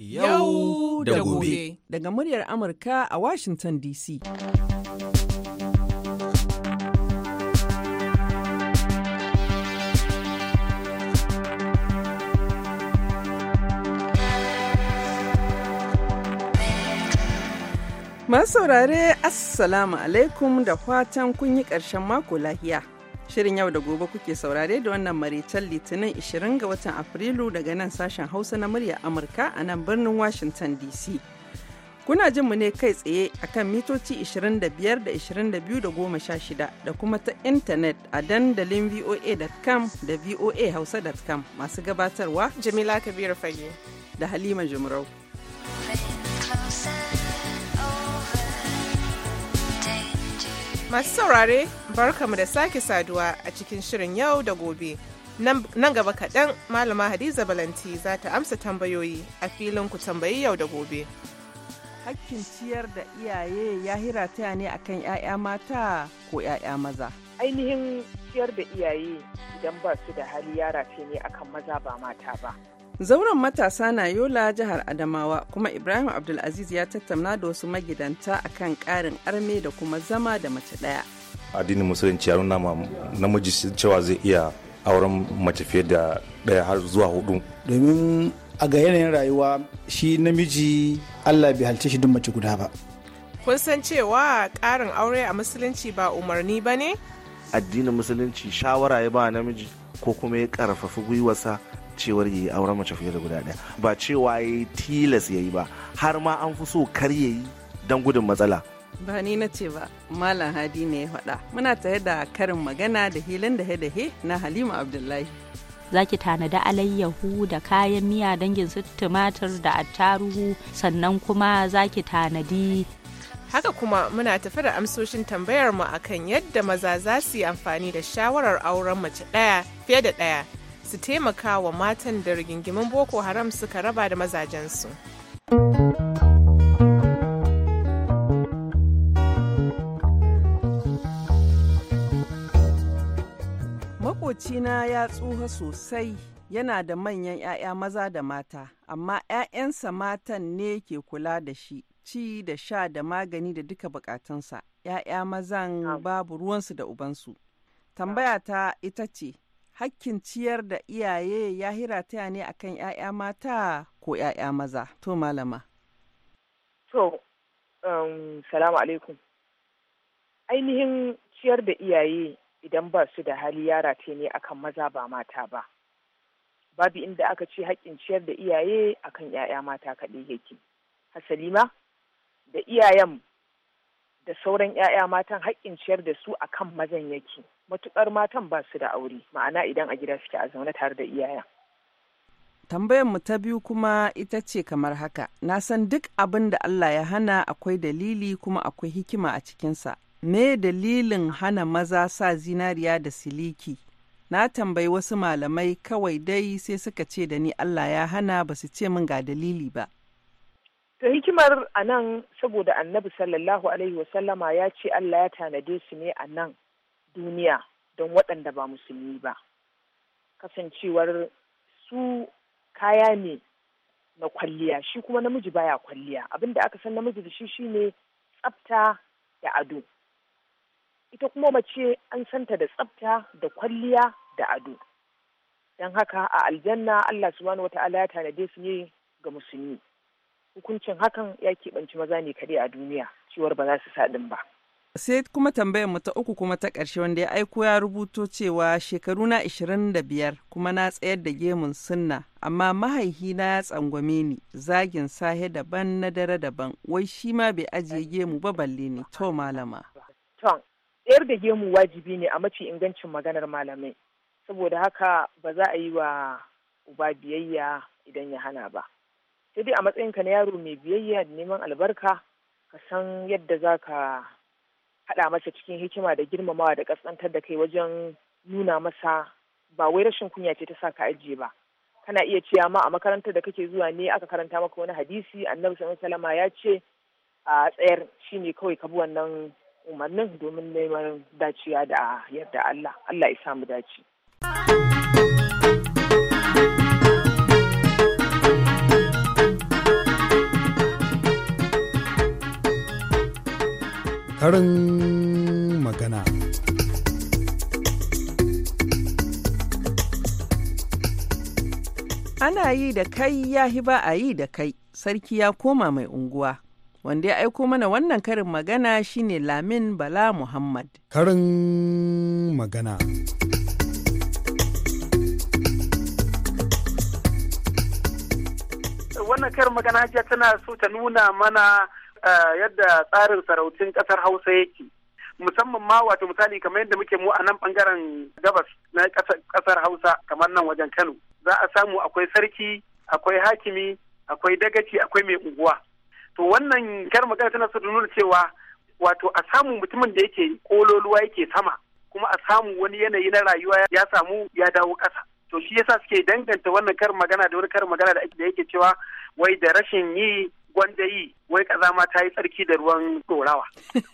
yau da gobe. Daga muryar Amurka a Washington DC. Masu saurare, Assalamu alaikum da fatan kun yi ƙarshen mako lahiya. Shirin yau da gobe kuke saurare da wannan maraicen Litinin 20 ga watan Afrilu daga nan sashen Hausa na murya Amurka a nan birnin Washington DC. Kuna jin mu ne kai tsaye akan mitoci 25 da 22 da 16 da kuma ta intanet a dandalin voa.com da voahausa.com masu gabatarwa Jamila Kabiru Fage da Halima Jumrau. Masu saurare, barkamu da sake saduwa a cikin shirin yau da gobe. Nan gaba kaɗan Malama Hadiza Balanti za ta amsa tambayoyi a filin ku tambayi yau da gobe. Hakkin ciyar da iyaye ya hira hirataya ne akan 'ya'ya mata ko 'ya'ya maza. Ainihin ciyar da iyaye idan ba su da hali yara ce ne akan maza ba mata ba. Zauren matasa na Yola jihar Adamawa kuma Ibrahim Abdulaziz ya tattauna da wasu magidanta akan karin arme da kuma zama da mace daya. Addinin Musulunci ya nuna namiji cewa zai iya auren mace fiye da daya har zuwa hudu. Domin a ga yanayin rayuwa shi namiji Allah bai halce shi duk mace guda ba. Kun san cewa ƙarin aure a Musulunci ba umarni ba ne? Addinin Musulunci shawara ya ba namiji ko kuma ya karfafi gwiwarsa cewar yi auren mace fiye da guda ɗaya ba cewa ya yi tilas ya yi ba har ma an fi so kar ya yi don gudun matsala ba ni na ce ba malam hadi ne ya faɗa muna tare da karin magana da hilin da da he na halima abdullahi zaki tanada tanadi alayyahu da kayan miya dangin su tumatir da attaruhu sannan kuma zaki tanadi haka kuma muna tafi da amsoshin tambayar mu akan yadda maza za su yi amfani da shawarar auren mace ɗaya fiye da ɗaya su taimaka wa matan da rigingimin boko haram suka raba da mazajensu. Makocina ya tsuha sosai yana da manyan 'ya'ya maza da mata, amma 'ya'yansa matan ne ke kula da shi, ci da sha da magani da duka bukatunsa, 'ya'ya mazan babu ruwansu da ubansu. Tambaya ta ita ce, hakkin ciyar da iyaye ya hirataya ne akan 'ya'ya mata ko 'ya'ya maza to malama to um, salamu alaikum ainihin ciyar da iyaye idan ba su da hali yara ta ne akan maza ba mata ba babu inda aka ce haƙƙin ciyar da iyaye akan 'ya'ya mata kaɗai yake hasali ma da iyayen da sauran 'ya'ya matan haƙƙin ciyar da su akan mazan yake matukar matan ba su da aure ma'ana idan a gida suke a zaune tare da iyaya. tambayar mu ta biyu kuma ita ce kamar haka na san duk abin da Allah ya hana akwai dalili kuma akwai hikima a cikinsa me dalilin hana maza sa zinariya da siliki na tambayi wasu malamai kawai dai sai suka ce da ni Allah ya hana ba su ce min ga dalili ba ta hikimar a nan saboda annabi sallallahu alaihi wasallama ya ce Allah ya tanade su ne a nan duniya don waɗanda ba musulmi ba kasancewar su kaya ne na kwalliya shi kuma namiji baya kwalliya abin da aka san namiji da shi shine tsafta da ado ita kuma mace an santa da tsafta da kwalliya da ado don haka a aljanna Allah subhanahu wata'ala ya tanade su ne ga musulmi hukuncin hakan ya keɓanci maza ne kaɗai a duniya cewar ba za su saɗin ba sai kuma tambayar mu ta uku kuma ta ƙarshe wanda ya aiko ya rubuto cewa shekaru na 25 kuma na tsayar da gemun sunna amma mahaihina ya tsangwame ni zagin sahe daban na dare daban wai shi ma bai ajiye gemu ba balle ne to malama ton tsayar da gemu wajibi ne a mafi ingancin maganar malamai saboda haka ba za a yi wa uba biyayya idan ya hana ba sai dai a matsayinka na yaro mai biyayya da neman albarka ka san yadda za ka haɗa masa cikin hikima da girmamawa da ƙasƙantar da kai wajen nuna masa ba wai rashin kunya ce ta sa ka ajiye ba kana iya cewa ma a makarantar da kake zuwa ne aka karanta maka wani hadisi annabi sallallahu alaihi ya ce a tsayar shine kawai ka bi wannan umarnin domin neman daciya da yarda Allah Allah ya samu daci. karin magana. Ana yi da kai ya hi ba a yi da kai, sarki ya koma mai unguwa. Wanda ya aiko mana wannan karin magana shine Lamin Bala Muhammad. Karin magana. Wannan karin magana tana so ta nuna mana Eh, yadda tsarin sarautun kasar Hausa yake. musamman ma wato misali kamar yadda muke mu a nan bangaren gabas na kasar hausa kamar nan wajen kano za a samu akwai sarki akwai hakimi akwai dagaci akwai mai unguwa to wannan kar magana tana sun nuna cewa wato a samu mutumin da yake kololuwa yake sama kuma a samu wani yanayi na rayuwa ya samu ya dawo ƙasa to shi yasa suke danganta wannan kar magana da wani kar magana da yake cewa wai da rashin yi gwanda yi wai kazama ma ta yi tsarki da ruwan dorawa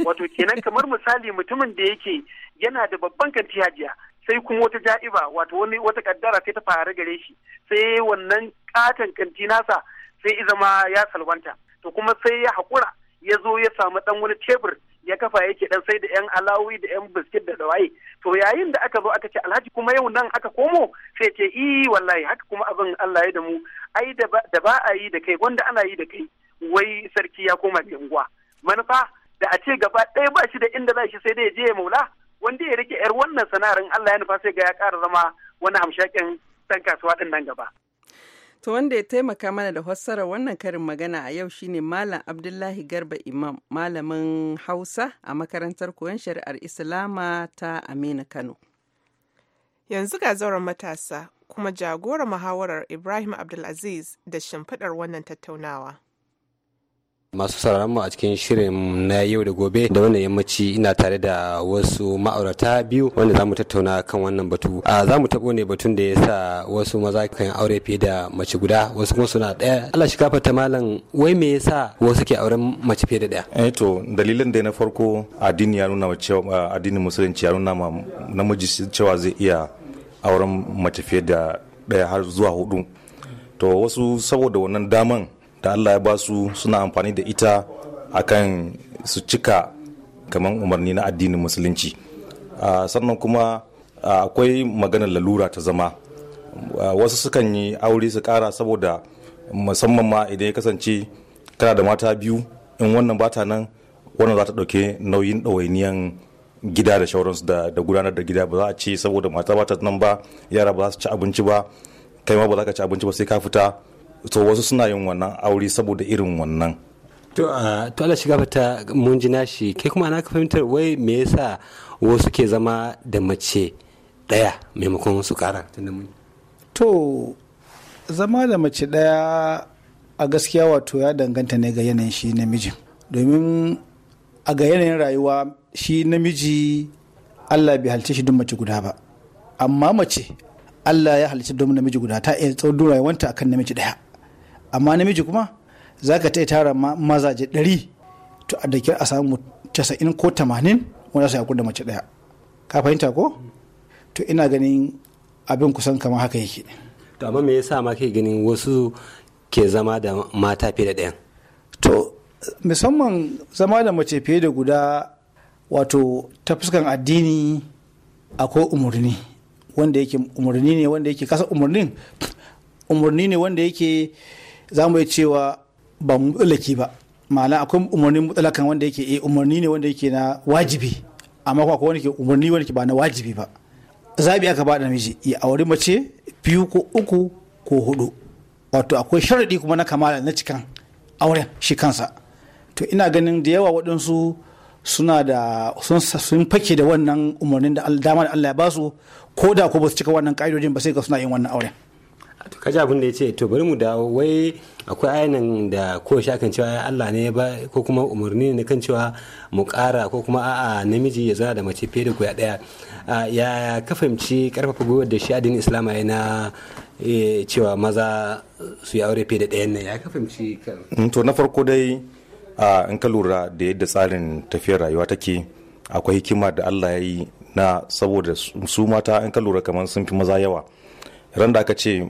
wato kenan kamar misali mutumin da yake yana da babban kanti hajiya sai kuma wata ja'iba wato wani wata kaddara sai ta fara gare shi sai wannan katon kanti nasa sai izama zama ya salwanta to kuma sai ya haƙura ya zo ya samu ɗan wani tebur ya kafa yake ɗan sai da yan alawi da yan biskit da dawaye to yayin da aka zo aka ce alhaji kuma yau nan aka komo sai ce i wallahi haka kuma abin Allah ya da mu ai da ba a yi da kai gwanda ana yi da kai ya koma mai unguwa manufa da a ce gaba ɗaya ba shi da inda za shi sai dai je ya maula wanda ya rike yar wannan sana'ar Allah ya nufa sai ga ya ƙara zama wani hamshakin ɗan kasuwa ɗin nan gaba. To wanda ya taimaka mana da fassara wannan karin magana a yau shine Malam Abdullahi Garba Imam, malamin Hausa a makarantar koyon shari'ar Islama ta Amina Kano. Yanzu ga zauren matasa kuma jagoran muhawarar Ibrahim Abdulaziz da shimfiɗar wannan tattaunawa. masu sauraron mu a cikin shirin na yau da gobe da wannan yammaci ina tare da wasu ma'aurata biyu wanda zamu tattauna kan wannan batu a zamu tabo ne batun da yasa wasu maza kan aure fiye da mace guda wasu kuma suna daya Allah shi kafa malam wai me yasa wasu ke auren mace fiye da daya eh to dalilin da na farko addini ya nuna cewa addinin musulunci ya nuna namiji cewa zai iya auren mace fiye da daya har zuwa hudu to wasu saboda wannan daman da Allah ya ba suna amfani da ita akan su cika kamar umarni na addinin musulunci sannan kuma akwai maganar lalura ta zama wasu sukan yi aure su kara saboda musamman ma idan ya kasance kana da mata biyu in wannan bata nan wannan za ta ɗauke nauyin ɗawainiyan gida da shauransu da gudanar da gida ba za a ce saboda mata bata nan ba yara ba za su ci abinci ba kai ma ba za ka ci abinci ba sai ka fita to wasu suna yin wannan aure saboda irin wannan to ah, Allah shiga fata mun ji nashi kai kuma na ka fahimtar wai me yasa wasu ke zama da mace daya maimakon su kara to zama da mace daya a gaskiya wato ya danganta ne ga yanayin shi namijin domin a ga yanayin rayuwa shi namiji Allah bai halice shi don mace guda ba amma mace Allah ya halice don namiji guda ta iya tsawon rayuwanta akan namiji daya amma namiji kuma za ka ta tara mazaje ɗari to a da a samu casa'in ko tamanin wanda su da mace ɗaya ka fahimta ko to ina ganin abin kusan kamar haka yake to amma me yasa ma ke ganin wasu ke zama da mata fiye da ɗayan to musamman zama da mace fiye da guda wato ta fuskan addini akwai umarni wanda yake umarni ne wanda yake kasa umarnin umarni ne wanda yake za mu iya cewa ba mutsalaki ba ma'ana akwai umarnin mutsalakan wanda yake eh umarni ne wanda yake na wajibi amma kuma akwai wanda ke umarni wanda ke ba na wajibi ba zabi aka ba da namiji ya auri mace biyu ko uku ko hudu wato akwai sharadi kuma na kamala na cikan auren shi kansa to ina ganin da yawa waɗansu suna da sun fake da wannan umarnin da dama da Allah ya basu ko da ko ba su cika wannan ka'idojin ba sai ga suna yin wannan auren to kaji abin da ya ce to bari mu dawo wai akwai ayanan da ko sha kan cewa Allah ne ba ko kuma umarni ne kan cewa mu ƙara ko kuma a'a namiji ya zana da mace fiye da guda ɗaya ya ka fahimci karfafa gwiwar da shi addinin islama ya na e, cewa maza su yi aure fiye da ɗayan nan ya ka fahimci mm, to na farko dai in ka lura da yadda tsarin tafiyar rayuwa take akwai hikima da Allah ya yi na saboda su mata in ka lura kamar sun fi maza yawa randa da aka ce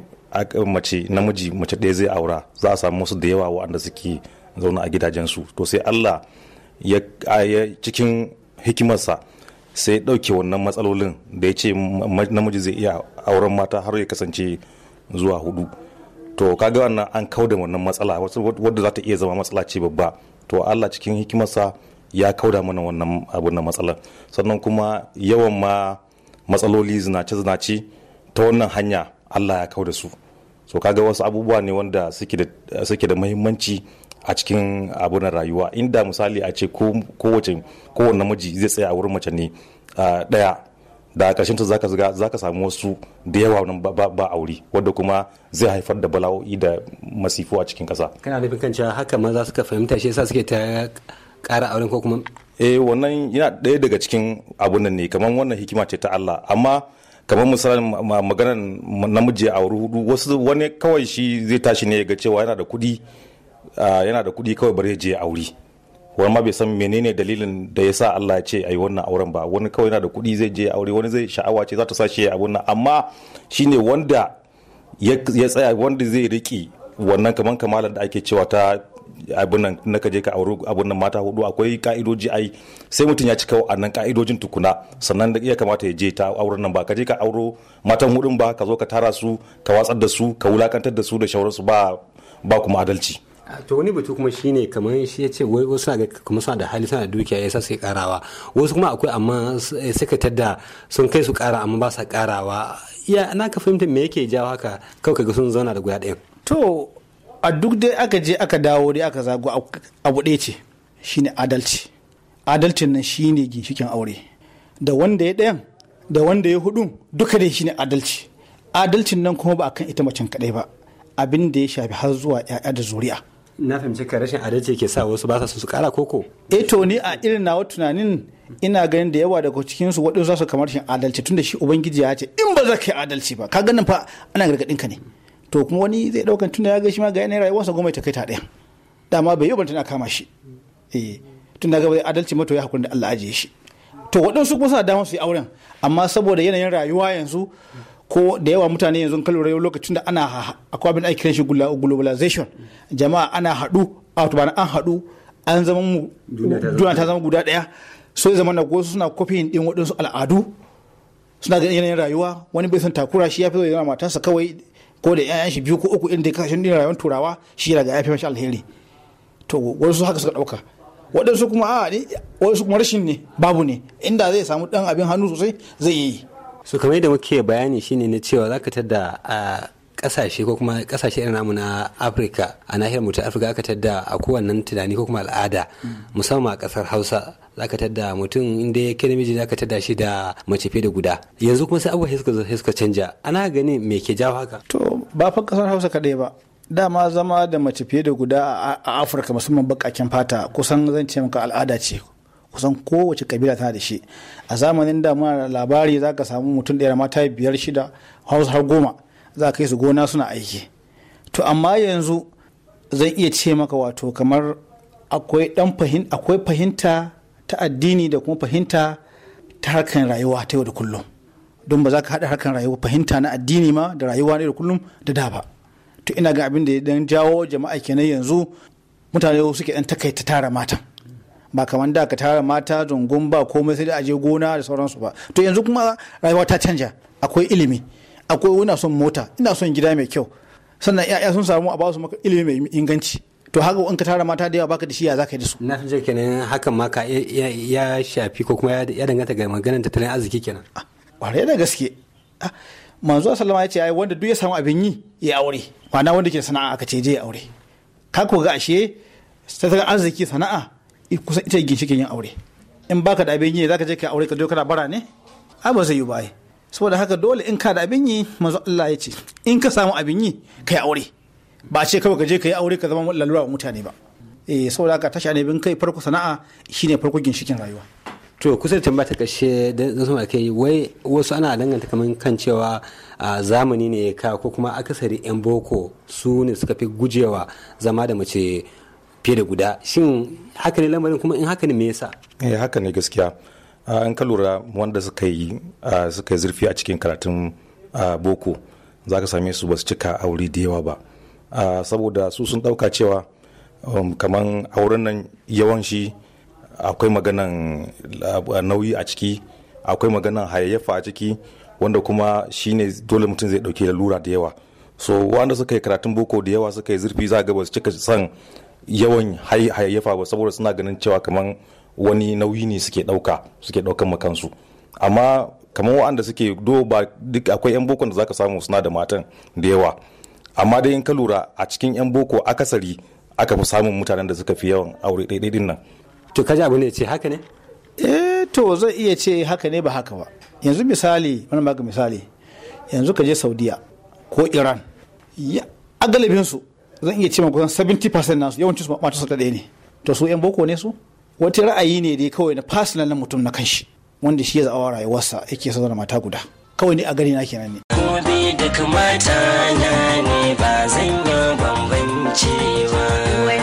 mace namiji mace ɗaya zai aura za a samu wasu da yawa waɗanda suke zauna a gidajensu to sai allah ya cikin hikimarsa sai ɗauke wannan matsalolin da ya ce namiji zai iya auren mata har ya kasance zuwa hudu to kaga wannan an kauda da wannan matsala wadda za ta iya zama matsala ce babba to allah cikin hikimarsa ya kauda mana wannan abun na matsala sannan kuma yawan ma matsaloli zinace-zinace ta wannan hanya allah ya kau da su so kaga wasu abubuwa ne wanda suke da mahimmanci a cikin abu na rayuwa inda misali a ce kowace kowane namiji zai tsaya a wurin mace ne daya da ƙarshen ta za ka samu wasu da yawa nan ba aure wadda kuma zai haifar da bala'o'i da masifu a cikin ƙasa kana nufin kan cewa haka maza suka fahimta shi yasa suke ta ƙara auren ko kuma eh wannan yana ɗaya daga cikin abun nan ne kamar wannan hikima ce ta Allah amma kamar misalin maganar namiji a hudu wasu wani kawai shi zai tashi ne ga cewa yana da kuɗi yana da kuɗi kawai bare je aure wani ma bai san menene dalilin da ya sa Allah ya ce ayi wannan auren ba wani kawai yana da kuɗi zai je aure wani zai sha'awa ce za ta sa shi ya nan amma shine wanda ya tsaya wanda zai riki wannan kamar kamalar da ake cewa ta abin nan na kaje ka auri abin nan mata hudu akwai ka'idoji ai sai mutum ya cika annan ka'idojin tukuna sannan da iya kamata ya je ta auren nan ba ka ka auro matan hudun ba ka zo ka tara su ka watsar da su ka wulakantar da su da shauransu ba ba kuma adalci to wani batu kuma shine kamar shi ya ce wai wasu ga kuma suna da hali suna dukiya yasa sai karawa wasu kuma akwai amma suka eh, tada sun kai su kara amma ba sa karawa iya na ka fahimta me yake jawo haka kawai ga sun zauna da guda ɗaya to a duk dai aka je aka dawo dai aka zago abu ɗaya ce shine adalci adalcin nan shine ginshikin aure da wanda ya ɗayan da wanda ya hudun duka dai shine adalci adalcin nan kuma ba a kan ita macen kadai ba abin da ya shafi har zuwa 'ya'ya da zuri'a na fahimci ka rashin adalci ke sa wasu ba su su kara koko eh to ni a irin nawa tunanin ina ganin da yawa daga cikin su waɗansu za su kamar shin adalci tunda shi ubangiji ya ce in ba za ka yi adalci ba ka ganin fa ana gargaɗin ka ne to kuma wani zai daukan tunda ya ga shi ma ga yanayin rayuwarsa goma ta kai ta ɗaya dama bai yi ba tana kama shi eh tunda ga bai adalci mato ya hakuri da Allah ajiye shi to waɗansu kuma suna damar su yi auren amma saboda yanayin rayuwa yanzu ko da yawa mutane yanzu kan lura lokacin da ana akwai abin aikin shi globalization jama'a ana haɗu wato bana an haɗu an zama mu duniya ta zama guda ɗaya so zama na gosu suna kofin ɗin waɗansu al'adu suna ganin yanayin rayuwa wani bai san takura shi ya fi zama matarsa kawai ko da 'ya'yan shi biyu ko uku irin da kasashen din rayuwar turawa shi daga ya fi mashi alheri to wasu haka suka ɗauka waɗansu kuma a ne wasu kuma rashin ne babu ne inda zai samu ɗan abin hannu sosai zai yi su kamar yadda muke bayani shine na cewa zaka tada kasashe ko kuma kasashe irin namu na afirka a nahiyar mutu afirka aka tadda a kowannen tunani ko kuma al'ada musamman a kasar hausa zaka tadda mutum inda ya kai namiji zaka tadda shi da mace fiye da guda yanzu kuma sai abubuwa suka suka canja ana gani me ke jawo haka to ba fa kasar hausa kadai ba dama zama da mace fiye da guda a afirka musamman bakaken fata kusan zan ce maka al'ada ce kusan kowace kabila tana da shi a zamanin da muna labari zaka samu mutum ɗaya mata biyar shida hausa har goma za ka yi su gona suna aiki to amma yanzu zan iya ce maka wato kamar akwai fahimta ta addini da kuma fahimta ta harkar rayuwa ta yau da kullum don ba za ka haɗa harkar rayuwa fahimta na addini ma da rayuwa ne da kullum da da ba to ina ga abin da ya dan jawo jama'a kenan yanzu mutane suke dan takaita tara mata. ba kamar da ka tara mata zungun ba komai sai da aje gona da sauransu ba to yanzu kuma rayuwa ta canja akwai ilimi akwai ina son mota ina son gida mai kyau sannan ya'ya sun samu a ba su maka ilimi mai inganci to haka in ka tara mata da yawa baka da shi ya zaka yi da su na san kenan hakan ma ka ya shafi ko kuma ya danganta ga maganar tattalin arziki kenan ah, ƙwarai da gaske ah, manzo sallama ya ce ai wanda duk ya samu abin yi ya aure ma'ana wanda ke sana'a aka ce je ya aure ka ko ga ashe tattalin arziki sana'a kusan ita ginshikin yin aure in baka da abin yi zaka je ka aure ka je kana bara ne ai ba zai yi ba ai saboda haka dole in ka da abin yi manzo Allah ya ce in ka samu abin yi kai aure ba ce kawai ka je ka yi aure ka zama lalura wa mutane ba eh saboda haka tashi ne bin kai farko sana'a shine farko ginshikin rayuwa to kusa tambaya ta kashe da sun ake kai wai wasu ana danganta kaman kan cewa zamani ne ka ko kuma akasari yan boko su ne suka fi gujewa zama da mace fiye da guda shin haka ne lamarin kuma in haka ne me yasa eh haka ne gaskiya an ka lura wanda suka yi suka yi zurfi a cikin karatun boko za ka same su ba su cika aure da yawa ba saboda su sun dauka cewa um, kamar auren nan yawan shi akwai maganan nauyi a ciki akwai maganan hayayyafa a ciki wanda kuma shi ne dole mutum zai dauke lura da yawa so wanda suka yi karatun boko da yawa suka yi zurfi za ga ba su cika son yawan hayayyafa ba saboda suna ganin cewa kamar wani nauyi ne suke ɗauka suke ɗaukan makansu amma kamar wa'anda suke do ba duk akwai 'yan boko da zaka samu suna da matan da yawa amma dai in ka lura a cikin 'yan boko akasari aka fi samun mutanen da suka fi yawan aure ɗaiɗai din nan to kaji abu ne ce haka ne eh to zai iya ce haka ne ba haka ba yanzu misali wani baka misali yanzu ka je saudiya ko iran a su zan iya ce ma kusan 70% nasu yawancin su mata su ta ɗaya ne to su 'yan boko ne su wata ra'ayi ne dai kawai na personal na mutum na kan shi wanda shi ya zaɓa rayuwarsa yake sa da mata guda kawai ne a gari na kenan ne gobe da kamata na ne ba zan yi bambancewa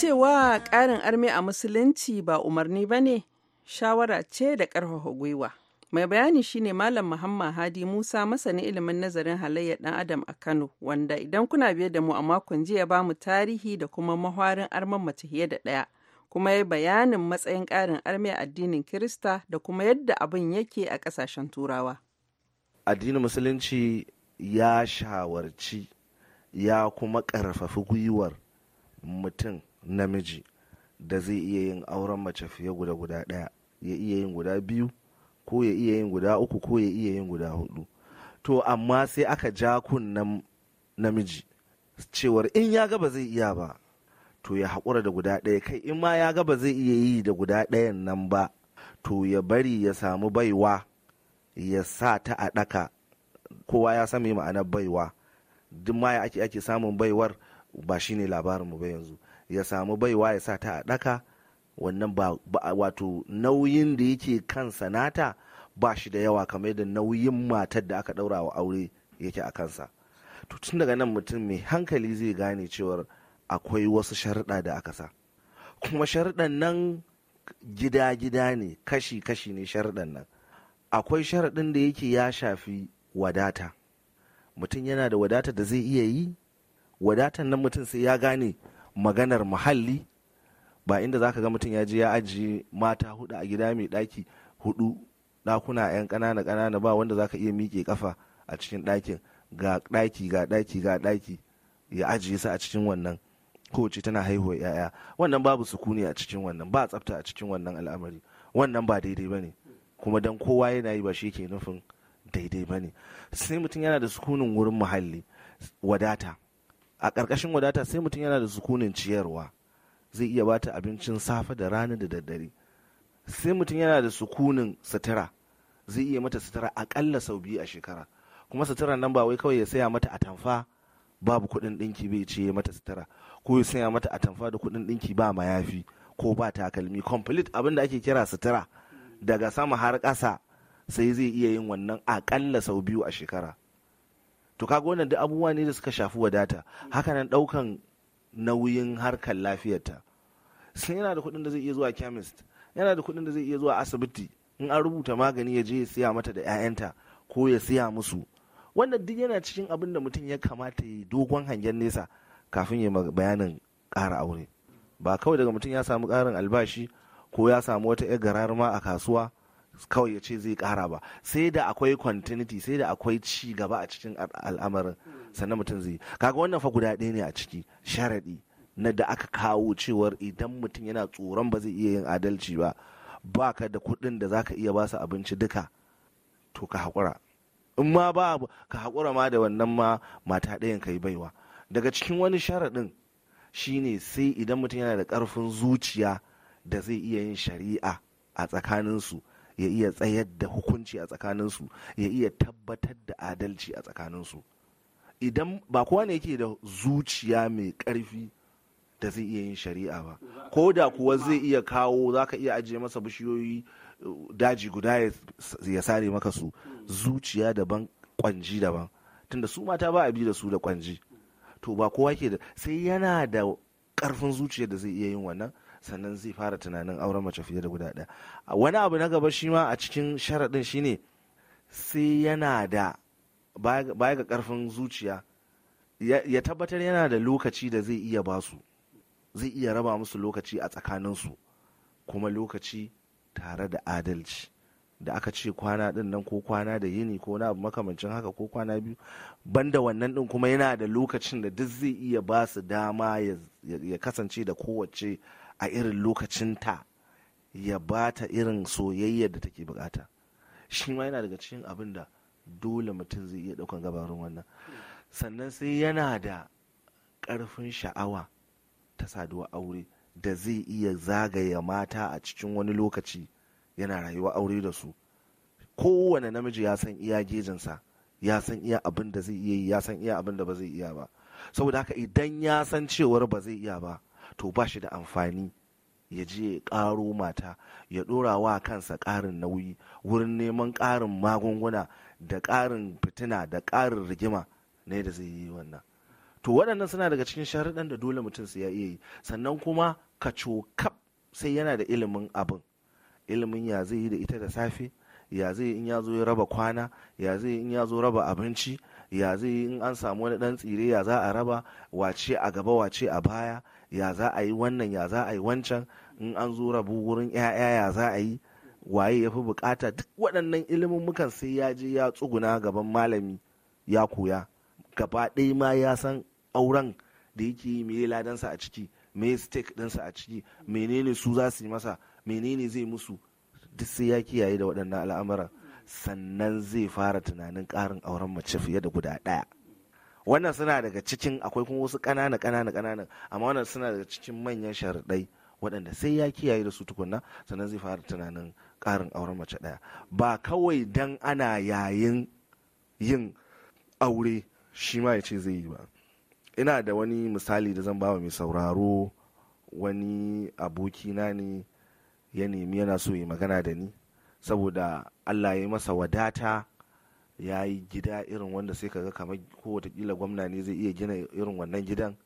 cewa ƙarin armi a musulunci ba umarni ba ne shawara ce da ƙarfafa gwiwa. Mai bayani shine Malam Muhammad Hadi Musa masanin ilimin nazarin halayyar ɗan Adam a Kano, wanda idan kuna biye da mu a makon jiya ba mu tarihi da kuma mahwarin arman mace fiye da ɗaya, kuma ya bayanin matsayin ƙarin armi a addinin Kirista da kuma yadda abin yake a ƙasashen Turawa. Addinin Musulunci ya shawarci ya kuma ƙarfafi gwiwar mutum namiji da zai iya yin auren mace fiye guda guda ɗaya ya iya yin guda biyu ko ya iya yin guda uku ko ya iya yin guda hudu to amma sai aka ja kunnen namiji cewar in ya ga ba zai iya ba to ya haƙura da guda ɗaya kai in ma ya ga ba zai iya yi da guda ɗayan nan ba to ya bari ya samu baiwa ya sa ta a ɗaka kowa ya sami ma'anar baiwa duk ma ya ake ake samun baiwar ba shine labarinmu ba yanzu ya samu baiwa ya sa ta a ɗaka wannan ba wato nauyin da yake kan sanata ba shi da yawa kamar da nauyin matar da aka ɗaura wa aure yake a kansa to tun daga nan mutum mai hankali zai gane cewar akwai wasu sharuɗa da aka sa kuma sharuɗan nan gida-gida ne kashi-kashi ne sharuɗan nan akwai sharaɗin da yake ya shafi wadata mutum yana da wadata da zai iya yi wadatan nan mutum sai ya gane maganar muhalli ba inda za ka ga mutum ya je ya ajiye mata hudu a gida mai daki hudu dakuna 'yan kanana kanana ba wanda za ka iya miƙe kafa a cikin ɗakin ga ɗaki ga ɗaki ga ɗaki ya ajiye su a cikin wannan kowace tana haihuwa 'ya'ya wannan babu sukuni a cikin wannan ba tsafta a cikin wannan al'amari wannan ba daidai ba ne kuma dan kowa yana yi ba shi ke nufin daidai ba ne sai mutum yana da sukunin wurin muhalli wadata a ƙarƙashin wadata sai mutum yana da sukunin ciyarwa zai iya bata abincin safe da rana da daddare sai mutum yana da sukunin sutura zai iya mata sutura aƙalla sau biyu a shekara kuma sutura nan ba wai kawai ya saya mata atamfa babu kuɗin ɗinki bai ce ya mata sutura ko ya saya mata atamfa da kuɗin ɗinki ba mayafi ko ba takalmi complete abin da ake kira sutura daga sama har ƙasa sai zai iya yin wannan aƙalla sau biyu a shekara to kaga wannan duk abubuwa ne da suka shafi wadata hakanan daukan nauyin harkar lafiyarta sai yana da kuɗin da zai iya zuwa chemist yana da kuɗin da zai iya zuwa asibiti in an rubuta magani ya je ya siya mata da 'ya'yanta ko ya siya musu wannan duk yana cikin abin da mutum ya kamata ya dogon hangen nesa kafin ya bayanin ƙara aure ba kawai daga mutum ya samu ƙarin albashi ko ya samu wata 'yar garar ma a kasuwa kawai ya ce zai kara ba sai da akwai continuity sai da akwai ci gaba a cikin al'amarin sannan mutum zai kaga wannan fa guda ɗaya ne a ciki sharaɗi na da aka kawo cewar idan mutum yana tsoron ba zai iya yin adalci ba ka da kuɗin da zaka iya basu abinci duka to ka haƙura in ma ba ka haƙura ma da wannan ma mata ɗayan ka yi baiwa daga cikin wani sharaɗin shine sai idan mutum yana da ƙarfin zuciya da zai iya yin shari'a a tsakaninsu ya iya tsayar da hukunci a tsakaninsu ya iya tabbatar da adalci a tsakaninsu idan ba kowa ne yake da zuciya mai karfi da zai iya yin shari'a ba ko da kuwa zai iya kawo za ka iya ajiye masa bishiyoyi daji guda ya sare maka su zuciya daban kwanji daban tunda su mata ba a bi da su da kwanji to ba kowa ke da sai yana da karfin zuciya da zai iya yin wannan sannan zai fara tunanin auren mace fiye da guda ɗaya wani abu na gaba shi ma a cikin sharaɗin ne sai yana da baya ga ƙarfin zuciya ya tabbatar yana da lokaci da zai iya basu zai iya raba musu lokaci a tsakaninsu kuma lokaci tare da adalci da aka ce kwana din nan ko kwana da yini ko na abu makamancin haka ko kwana biyu banda wannan din kuma yana da lokacin da duk zai iya ba su dama ya kasance da kowace a irin lokacinta ya ba ta irin soyayya da take bukata shi ma yana daga cikin abin da dole mutum zai iya daukan gabarin wannan sannan sai yana da karfin sha'awa ta saduwa aure da zai iya zagaya mata a cikin wani lokaci yana rayuwa aure da su kowane namiji ya san iya gejinsa ya san iya abin da zai iya yi ya san iya abin da ba zai iya ba saboda haka idan ya san cewar ba zai iya ba to ba shi da amfani ya je ya ƙaro mata ya ɗora wa kansa ƙarin nauyi wurin neman ƙarin magunguna da ƙarin fitina da ƙarin rigima na da zai yi wannan to waɗannan suna daga cikin sharuɗan da dole mutum su ya iya yi sannan kuma ka cokap sai yana da ilimin abin ilimin ya zai yi da ita da safe ya zai in ya zo ya raba kwana ya zai in ya zo raba abinci ya zai in an samu wani ɗan tsire ya za a raba wace a gaba wace a baya ya za a yi wannan ya za a yi wancan in an zo rabu wurin 'ya'ya ya za a yi waye ya fi bukata duk waɗannan ilimin mukan sai ya je ya tsuguna gaban malami ya koya gaba ɗaya ma ya san auren da yake yi mai ladansa a ciki mai stake ɗinsa a ciki menene su za su yi masa menene zai musu duk sai ya kiyaye da waɗannan al'amuran sannan zai fara tunanin ƙarin auren mace fiye da guda ɗaya wannan suna daga cikin akwai kuma wasu ƙanana ƙanana ƙanana amma wannan suna daga cikin manyan sharaɗai waɗanda sai ya kiyaye da su tukunna sannan zai fara tunanin ƙarin auren mace ɗaya ba kawai dan ana yayin yin aure shi ma ya ce zai yi ba ina da wani misali da zan ba wa mai sauraro wani abokina ne ya nemi yana so yi magana da ni saboda allah ya yi masa wadata ya yi gida irin wanda sai ka ga kamar ko watakila gwamna ne zai iya gina irin wannan gidan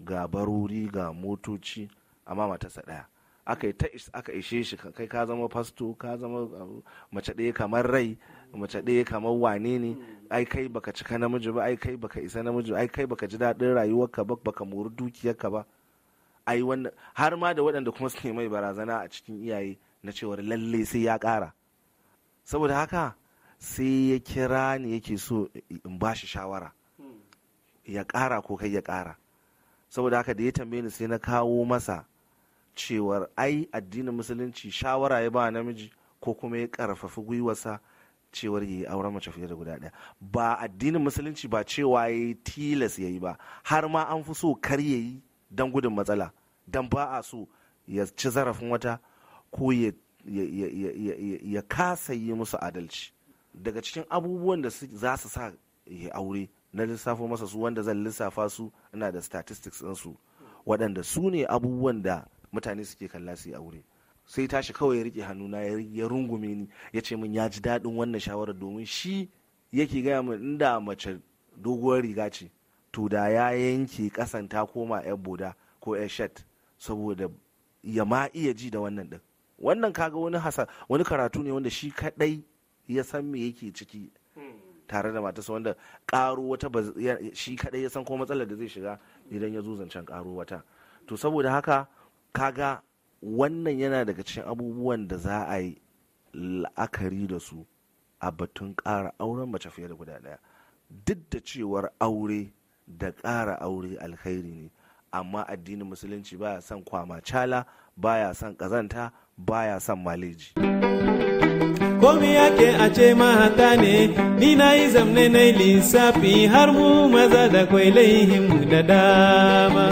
ga barori ga motoci amma matarsa ɗaya aka ta aka ishe shi kai ka zama fasto ka zama uh, mace ɗaya kamar rai mace ɗaya kamar wane ne ai kai baka cika namiji ba ai kai baka isa namiji ai kai baka ji daɗin rayuwarka ba baka mori dukiyarka ba ai wannan har ma da waɗanda kuma suke mai barazana a cikin iyaye na cewar lalle sai ya ƙara saboda haka sai ya kira ni yake so in ba shi shawara ya ƙara ko kai ya kara saboda haka da ya tambaye ni sai na kawo masa cewar ai addinin musulunci shawara ya ba namiji ko kuma ya ƙarfafi gwiwarsa cewar yi auren mace fiye da guda ɗaya ba addinin musulunci ba cewa ya yi tilas ya yi ba har ma an fi so kar ya yi don gudun matsala don ba a so ya ci zarafin wata ko ya kasa yi musu adalci daga cikin abubuwan da za su sa ya aure na lissafo masa su wanda zan lissafa su ina da statistics su waɗanda su ne abubuwan da mutane suke kalla su yi aure sai tashi kawai ya riƙe hannuna ya rungume ni ya ce min ya ji daɗin wannan shawarar domin shi yake gaya min inda mace doguwar riga ce to da ya yanke kasan ta koma 'yar boda ko 'yar shat saboda ya ma iya ji da wannan ɗin wannan kaga wani hasa wani karatu ne wanda shi kaɗai ya san me yake ciki hmm. tare da matarsa wanda karo wata shi kadai ya san ko matsalar da zai shiga idan ya zo zancen karo wata to saboda haka kaga wannan yana daga cikin abubuwan da za a yi la'akari da su a batun ƙara auren mace fiye da guda ɗaya duk da cewar aure da ƙara aure alkhairi ne amma addinin musulunci baya son kwamacala baya son ƙazanta baya son maleji. komi yake a ce mahata ne ni na yi zamne na lissafi har mu maza da kwai laihinmu da dama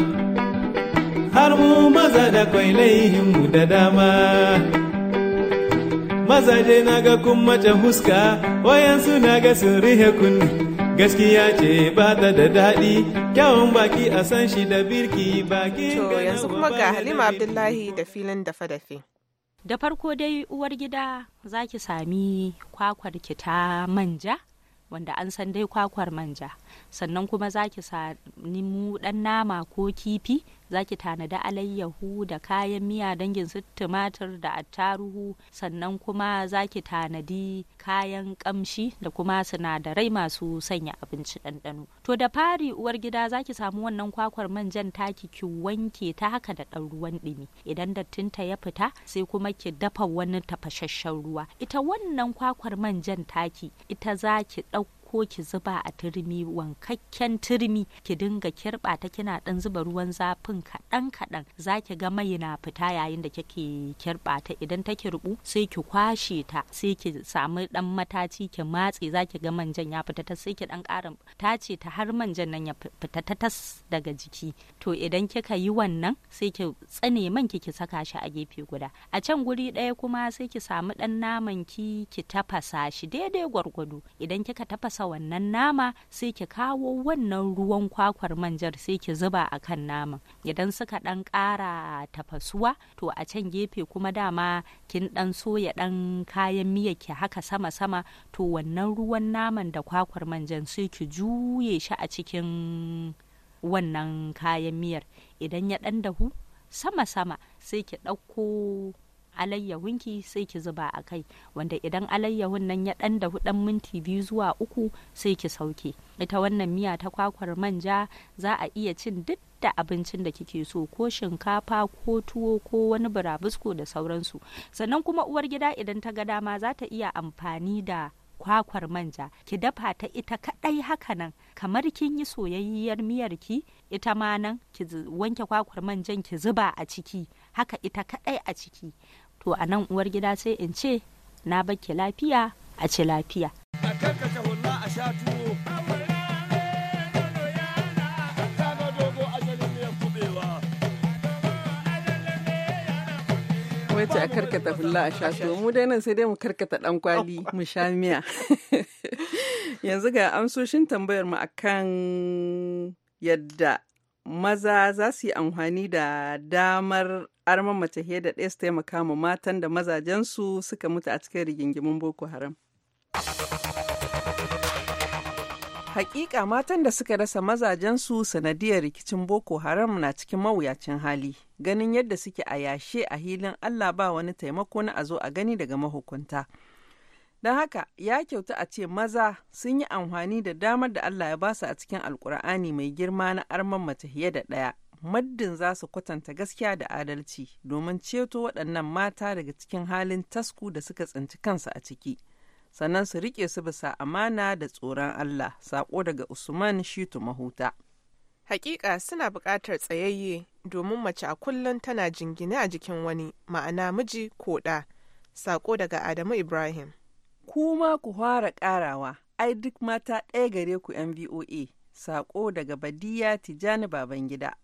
har mu maza da kwai laihinmu da dama mazaje na ga kun mace huska wayansu na ga sun rihe kunni gaskiya ce ba ta da daɗi kyawun baki a san shi da birki baki to yanzu kuma ga halima abdullahi da filin dafe-dafe da farko dai uwar gida za ki sami kwakwar ki ta manja wanda an san dai kwakwar manja sannan kuma za ki sami mu dan nama ko kifi za ki tanada alayyahu da kayan miya dangin su tumatir da attaruhu sannan kuma za ki tanadi kayan kamshi da kuma sinadarai masu sanya abinci ɗanɗano to da fari uwar gida za ki samu wannan kwakwar manjan taki ki wanke ta haka da ɗan ruwan ɗumi idan dattinta ya fita sai kuma ki dafa wani tafashashen ruwa ita wannan kwakwar manjan taki ita za ki ɗauko ko ki zuba a turmi wankakken turmi ki dinga kirɓata ta kina ɗan zuba ruwan zafin kaɗan kaɗan za ki ga mai na fita yayin da kike kirɓata ta idan ta kirɓu sai ki kwashe ta sai ki samu ɗan mataci ki matse za ki ga manjan ya fita ta sai ki ɗan ƙara tace ta har manjan nan ya fita ta tas daga jiki to idan kika yi wannan sai ki tsane man ki saka shi a gefe guda a can guri ɗaya kuma sai ki samu ɗan naman ki ki tafasa shi daidai gwargwado idan kika tafasa tafasa wannan nama sai ki kawo wannan ruwan kwakwar manjar sai ki zuba a kan naman idan suka ɗan ƙara tafasuwa to a can gefe kuma dama kin ɗan soya ɗan kayan miya ki haka sama-sama to wannan ruwan naman da kwakwar manjan sai ki juye shi a cikin wannan kayan miyar idan ya ɗan dahu sama-sama sai ki ɗauko alayyahunki sai ki zuba a kai wanda idan alayyahun nan ya ɗan da hudan minti biyu zuwa uku sai ki sauke ita wannan miya ta kwakwar manja za a iya cin duk da abincin da kike so ko shinkafa ko tuwo ko wani burabusko da sauransu sannan kuma uwar gida idan ta ga dama za ta iya amfani da kwakwar manja ki dafa ta ita kadai haka nan kamar kin yi soyayyiyar miyar ki ita ma nan ki wanke kwakwar manjan ki zuba a ciki haka ita kadai a ciki to a nan uwar gida sai in ce na baki lafiya a ci lafiya. A wace a karkata hula a sha tuwo mu dai nan sai dai mu karkata dan kwali mu sha miya yanzu ga amsoshin tambayar mu akan yadda maza za su yi amfani da damar armar mace heda da ɗaya su taimaka ma matan da mazajensu suka mutu a cikin rigingimin boko haram Hakika matan da suka rasa mazajensu sanadiyar rikicin Boko Haram na cikin mawuyacin hali, ganin yadda suke a yashe a hilin Allah ba wani taimako na a zo a gani daga mahukunta. Don haka ya kyautu a ce maza sun yi amfani da damar da Allah ya basu a cikin Alkur'ani mai girma na arman mace fiye da ɗaya. Maddin za su kwatanta gaskiya da adalci domin ceto waɗannan mata daga cikin halin tasku da suka tsinci kansu a ciki. Sannan su riƙe su bisa amana da tsoron Allah, saƙo daga Usman Shitu Mahuta. Hakika suna buƙatar tsayayye domin mace a kullum tana jingine a jikin wani, ma'ana miji ko ɗa. Saƙo daga Adamu Ibrahim. kuma ku fara ƙarawa, ai duk mata ɗaya gare ku 'yan VOA, saƙo daga Badiya Tijani Babangida.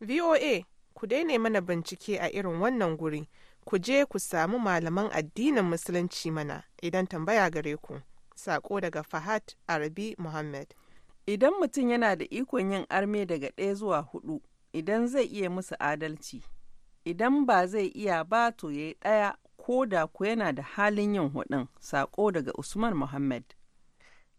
VOA, ku daina mana bincike a irin wannan guri, ku je ku samu malaman addinin Musulunci mana idan tambaya gare ku. Saƙo daga Fahad Arabi Muhammad. Idan mutum yana da ikon yin arme daga ɗaya zuwa hudu, idan zai iya musu adalci, idan ba zai iya ba to ya yi ɗaya ko da ku yana da halin yin hudun sako daga Usman Muhammad.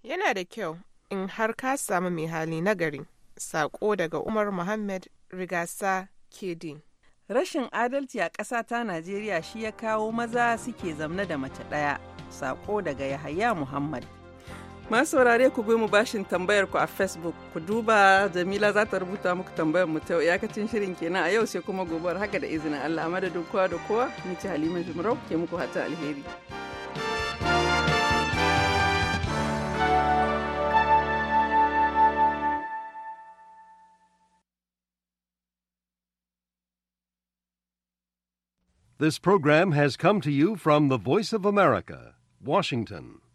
Yana da kyau in har ka samu mai hali na gari, sako daga Umar Muhammad Rigasa Kedi. Rashin adalci a ƙasa ta Najeriya shi ya kawo maza suke zamna da mace ɗaya sako daga Yahaya Muhammad. masu saurare ku mu bashin tambayar ku a facebook ku duba jamila za ta rubuta muku tambayar mu ta iyakacin shirin kenan a yau sai kuma gobar haka da izinin allah madadin kowa da kowa ni ce halima jumrau ke muku hata alheri This program has come to you from the Voice of America, Washington.